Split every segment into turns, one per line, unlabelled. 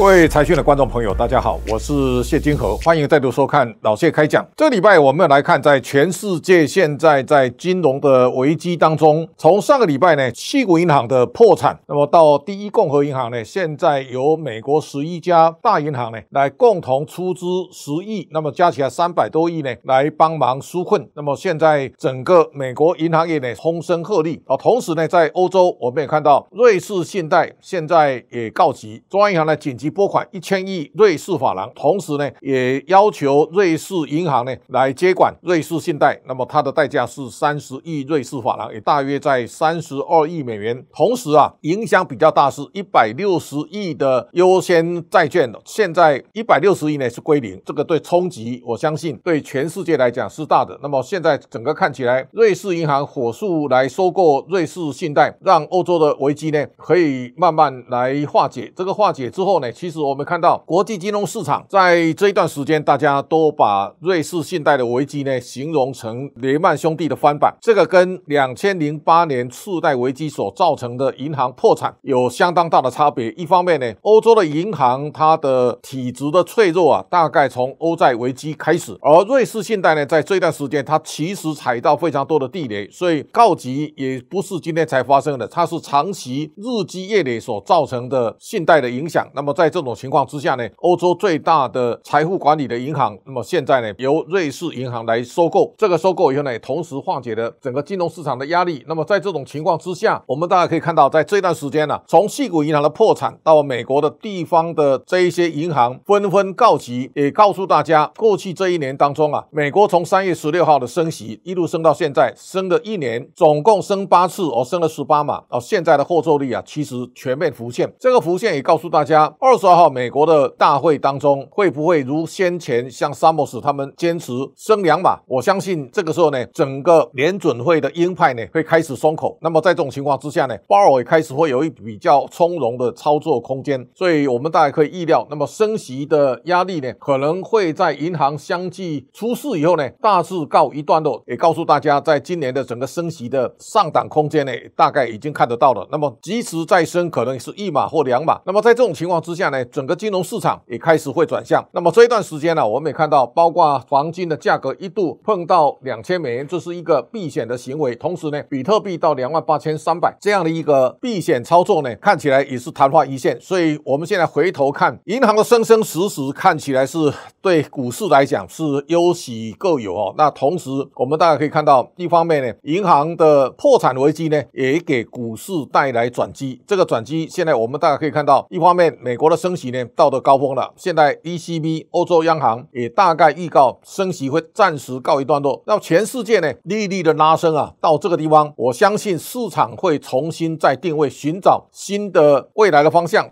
各位財訊的觀眾朋友，大家好，我是謝金河，歡迎再度收看老謝開講。這個禮拜我們要來看，在全世界現在在金融的危機當中，從上個禮拜呢，硅谷銀行的破產，那麼到第一共和銀行呢，現在由美國十一家大銀行呢來共同出資十億，那麼加起來三百多億呢來幫忙紓困。那麼現在整個美國銀行業呢風聲鶴唳啊，同時呢，在歐洲我們也看到瑞士信貸現在也告急，中央銀行呢緊急。撥款一千億瑞士法郎，同時呢，也要求瑞士銀行呢來接管瑞士信貸。那麼它的代價是三十億瑞士法郎，也大約在三十二億美元。同時啊，影響比較大是一百六十億的優先債券的，現在一百六十億呢是歸零，這個對衝擊，我相信對全世界來講是大的。那麼現在整個看起來，瑞士銀行火速來收購瑞士信貸，讓歐洲的危機呢可以慢慢來化解。這個化解之後呢？其實我們看到，國際金融市場在這一段時間，大家都把瑞士信貸的危機呢，形容成雷曼兄弟的翻版。這個跟兩千零八年次貸危機所造成的銀行破產有相當大的差別。一方面呢，歐洲的銀行它的體質的脆弱啊，大概從歐債危機開始；而瑞士信貸呢，在這段時間，它其實踩到非常多的地雷，所以告急也不是今天才發生的，它是長期日積月累所造成的信貸的影響。那麼，在這種情況之下呢，歐洲最大的財富管理的銀行，那麼現在呢，由瑞士銀行來收購。這個收購以後呢，同時化解了整個金融市場的壓力。那麼在這種情況之下，我們大家可以看到，在這段時間呢、啊，從硅谷銀行的破產到美國的地方的這一些銀行紛紛告急，也告訴大家，過去這一年當中啊，美國從三月十六號的升息一路升到現在，升了一年，總共升八次，哦，升了十八碼，到、哦、現在的後奏力啊，其實全面浮現。這個浮現也告訴大家二二十二號，美國的大會當中，會不會如先前像薩莫斯他們堅持升兩碼？我相信這個時候呢，整個聯準會的鷹派呢會開始鬆口。那麼在這種情況之下呢，鮑爾也開始會有一比較從容的操作空間。所以我們大概可以預料，那麼升息的壓力呢，可能會在銀行相繼出事以後呢，大致告一段落。也告訴大家，在今年的整個升息的上檔空間呢，大概已經看得到了。那麼即使再升，可能是一碼或兩碼。那麼在這種情況之下，下呢，整個金融市場也開始會轉向。那麼這一段時間呢、啊，我們也看到，包括黃金的價格一度碰到兩千美元，這是一個避險的行為。同時呢，比特幣到兩萬八千三百這樣的一個避險操作呢，看起來也是曇花一現。所以，我們現在回頭看，銀行的生生死死看起來是對股市來講是憂喜各有哦。那同時，我們大家可以看到，一方面呢，銀行的破產危機呢，也給股市帶來轉機。這個轉機現在我們大家可以看到，一方面美國，升息呢，到了高峰了。現在 ECB 歐洲央行也大概預告升息會暫時告一段落。那全世界呢，利率的拉升啊，到這個地方，我相信市場會重新再定位，尋找新的未來的方向。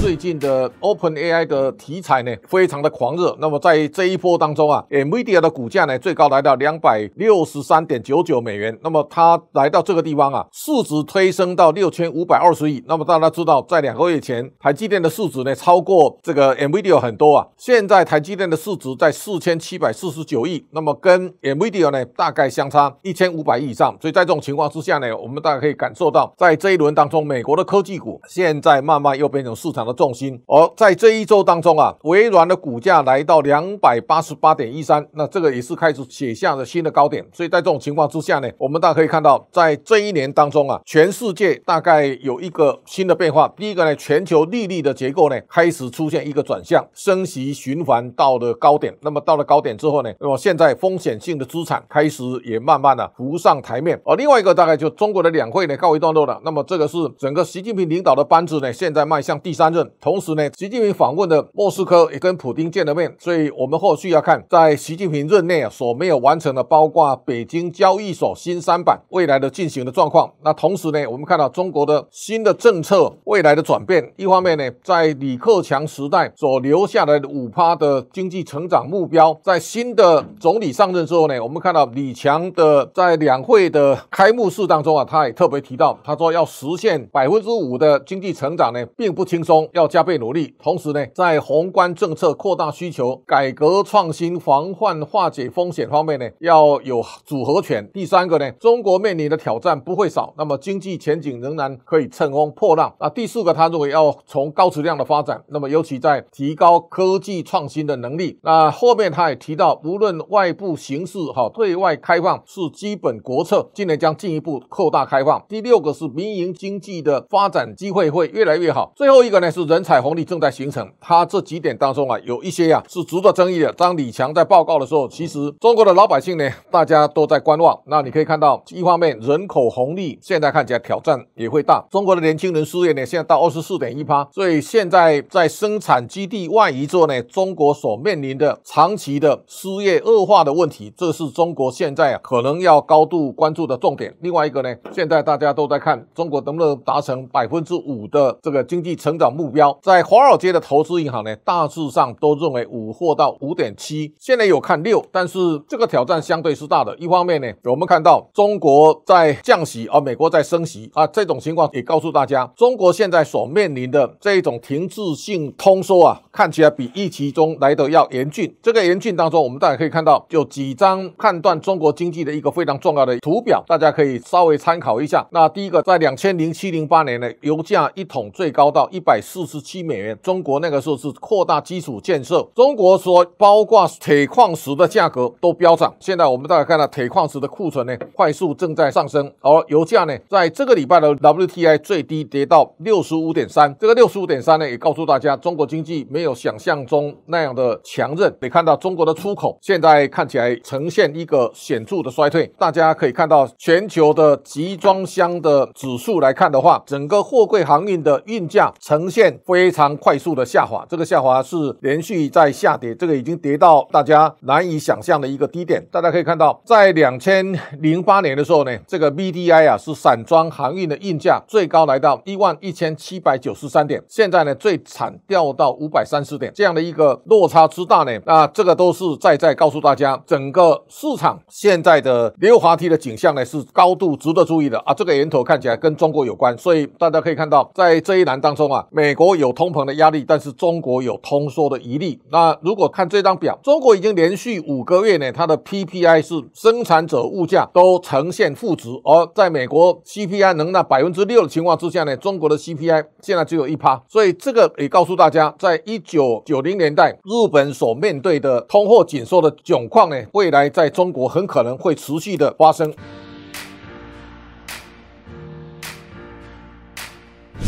最近的 OpenAI 的題材呢，非常的狂熱。那麼在這一波當中啊，Nvidia 的股價呢最高來到兩百六十三點九九美元。那麼它來到這個地方啊，市值推升到六千五百二十億。那麼大家知道，在兩個月前，台積電的市值呢超過這個 Nvidia 很多啊。現在台積電的市值在四千七百四十九億，那麼跟 Nvidia 呢大概相差一千五百億以上。所以在這種情況之下呢，我們大家可以感受到，在這一輪當中，美國的科技股現在慢慢又變成市場。的重心，而在這一周當中啊，微軟的股價來到兩百八十八點一三，那這個也是開始寫下了新的高點。所以在這種情況之下呢，我們大家可以看到，在這一年當中啊，全世界大概有一個新的變化。第一個呢，全球利率的結構呢開始出現一個轉向，升息循環到了高點。那麼到了高點之後呢，那麼現在風險性的資產開始也慢慢的、啊、浮上台面。而另外一個大概就中國的兩會呢告一段落了。那麼這個是整個習近平領導的班子呢現在邁向第三。同時呢，習近平訪問的莫斯科也跟普丁見了面，所以我們後續要看在習近平任內啊所沒有完成的，包括北京交易所新三板未來的進行的狀況。那同時呢，我們看到中國的新的政策未來的轉變，一方面呢，在李克強時代所留下來的五趴的經濟成長目標，在新的總理上任之後呢，我們看到李強的在兩會的開幕式當中啊，他也特別提到，他說要實現百分之五的經濟成長呢，並不輕鬆。要加倍努力，同時呢，在宏觀政策擴大需求、改革創新、防範化解風險方面呢，要有組合拳。第三個呢，中國面臨的挑戰不會少，那麼經濟前景仍然可以乘風破浪。啊，第四個，他認為要從高質量的發展，那麼尤其在提高科技創新的能力。那後面他也提到，無論外部形勢哈、哦，對外開放是基本國策，今年將進一步擴大開放。第六個是民營經濟的發展機會會越來越好。最後一個呢，是人才紅利正在形成，它這幾點當中啊，有一些呀、啊、是值得爭議的。當李強在報告的時候，其實中國的老百姓呢，大家都在觀望。那你可以看到，一方面人口紅利現在看起來挑戰也會大，中國的年輕人失業呢，現在到二十四點一趴，所以現在在生產基地外移做呢，中國所面臨的長期的失業惡化的問題，這是中國現在啊可能要高度關注的重點。另外一個呢，現在大家都在看中國能不能達成百分之五的這個經濟成長目。目標在華爾街的投資銀行呢，大致上都認為五或到五點七，現在有看六，但是這個挑戰相對是大的。一方面呢，我們看到中國在降息，而、啊、美國在升息啊，這種情況也告訴大家，中國現在所面臨的這種停滯性通縮啊，看起來比預期中來的要嚴峻。這個嚴峻當中，我們大家可以看到，就幾張判斷中國經濟的一個非常重要的圖表，大家可以稍微參考一下。那第一個，在兩千零七零八年呢，油價一桶最高到一百四十四十七美元，中國那個時候是擴大基礎建設。中國說，包括鐵礦石的價格都飆漲。現在我們大家看到鐵礦石的庫存呢，快速正在上升。而油價呢，在這個禮拜的 WTI 最低跌到六十五點三。這個六十五點三呢，也告訴大家中國經濟沒有想象中那樣的強韌。你看到中國的出口現在看起來呈現一個顯著的衰退。大家可以看到全球的集裝箱的指數來看的話，整個貨櫃航運的運價呈現。非常快速的下滑。這個下滑是連續在下跌，這個已經跌到大家難以想象的一個低點。大家可以看到，在兩千零八年的時候呢，這個 BDI 啊是散裝航運的運價最高來到一萬一千七百九十三點，現在呢最慘掉到五百三十點，這樣的一個落差之大呢，啊這個都是在在告訴大家，整個市場現在的溜滑梯的景象呢是高度值得注意的啊。這個源頭看起來跟中國有關，所以大家可以看到，在這一欄當中啊，美。美國有通膨的壓力，但是中國有通縮的疑慮，那如果看這張表，中國已經連續五個月呢，它的 PPI 是生產者物價都呈現負值，而在美國 CPI 能到百分之六的情況之下呢，中國的 CPI 現在只有一趴。所以這個也告訴大家，在一九九零年代，日本所面對的通貨緊縮的窘況呢，未來在中國很可能會持續的發生。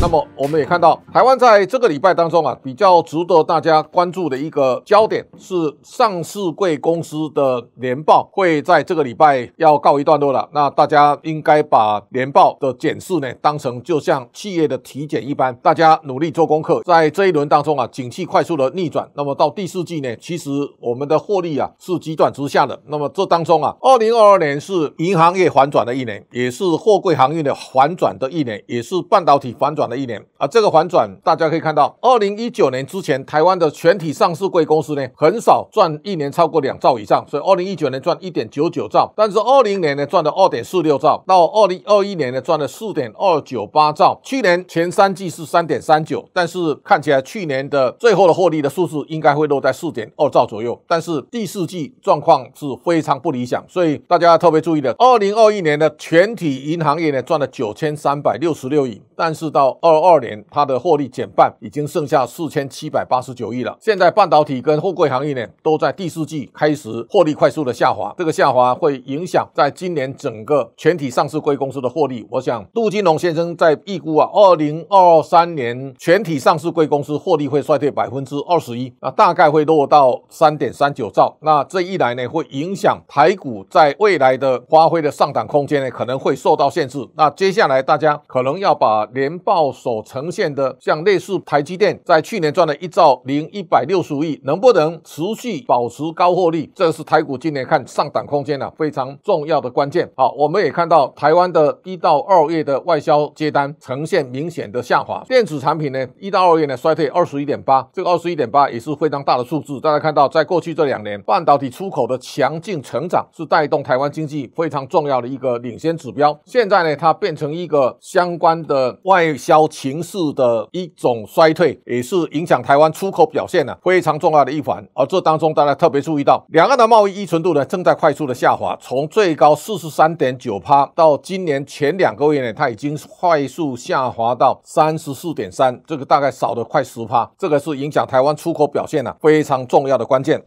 那麼我們也看到，台灣在這個禮拜當中啊，比較值得大家關注的一個焦點是上市櫃公司的年報會在這個禮拜要告一段落了。那大家應該把年報的檢視呢當成就像企業的體檢一般，大家努力做功課。在這一輪當中啊，景氣快速的逆轉，那麼到第四季呢，其實我們的獲利啊是急轉直下的。那麼這當中啊，二零二二年是銀行業反轉的一年，也是貨櫃航運的反轉的一年，也是半導體反轉的一年啊，這個反轉大家可以看到，二零一九年之前，台灣的全體上市櫃公司呢，很少賺一年超過兩兆以上，所以二零一九年賺一點九九兆，但是二零年呢賺了二點四六兆，到二零二一年呢賺了四點二九八兆，去年前三季是三點三九，但是看起來去年的最後的獲利的數字應該會落在四點二兆左右，但是第四季狀況是非常不理想，所以大家要特別注意的，二零二一年的全體銀行業呢賺了九千三百六十六億，但是到二二年它的獲利減半，已經剩下四千七百八十九億了。現在半導體跟貨櫃行業呢，都在第四季開始獲利快速的下滑，這個下滑會影響在今年整個全體上市櫃公司的獲利。我想杜金龍先生在預估啊，二零二三年全體上市櫃公司獲利會衰退百分之二十一，大概會落到三點三九兆。那這一來呢，會影響台股在未來的發揮的上檔空間呢，可能會受到限制。那接下來大家可能要把年報。所呈現的像類似台積電在去年賺了一兆零一百六十五億，能不能持續保持高獲利？這是台股今年看上檔空間呢、啊、非常重要的關鍵。好，我們也看到台灣的一到二月的外銷接單呈現明顯的下滑，電子產品呢一到二月呢衰退二十一點八，這個二十一點八也是非常大的數字。大家看到，在過去這兩年半導體出口的強勁成長是帶動台灣經濟非常重要的一個領先指標，現在呢它變成一個相關的外銷。高情勢的一種衰退，也是影響台灣出口表現、啊、非常重要的一環。而、啊、這當中，大家特別注意到，兩岸的貿易依存度呢正在快速的下滑，從最高四十三點九趴到今年前兩個月呢，它已經快速下滑到三十四點三，這個大概少了快十趴，這個是影響台灣出口表現呢、啊、非常重要的關鍵。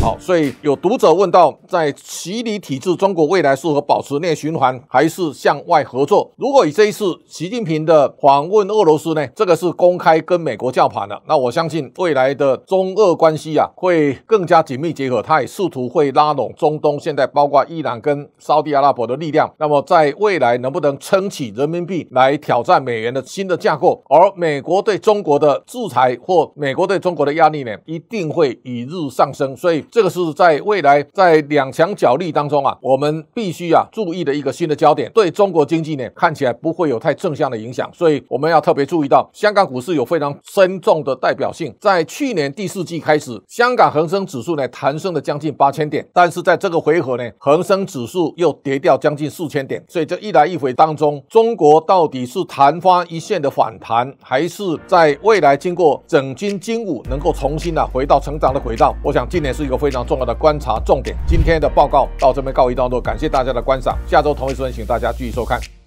好，所以有讀者問到，在習李體制，中國未來是否保持內循環，還是向外合作？如果以這一次習近平的訪問俄羅斯呢，這個是公開跟美國叫板了。那我相信未來的中俄關係啊，會更加緊密結合。他也試圖會拉攏中東，現在包括伊朗跟沙特阿拉伯的力量。那麼在未來能不能撐起人民幣來挑戰美元的新的架構？而美國對中國的制裁或美國對中國的壓力呢，一定會與日上升。所以。這個是在未來在兩強角力當中啊，我們必須啊注意的一個新的焦點。對中國經濟呢，看起來不會有太正向的影響，所以我們要特別注意到香港股市有非常深重的代表性。在去年第四季開始，香港恆生指數呢彈升了將近八千點，但是在這個回合呢，恆生指數又跌掉將近四千點。所以這一來一回當中，中國到底是曇花一現的反彈，還是在未來經過整軍經武，能夠重新啊回到成長的軌道？我想今年是一個。非常重要的觀察重點，今天的報告到這邊告一段落，感謝大家的觀賞，下周同一時間請大家繼續收看。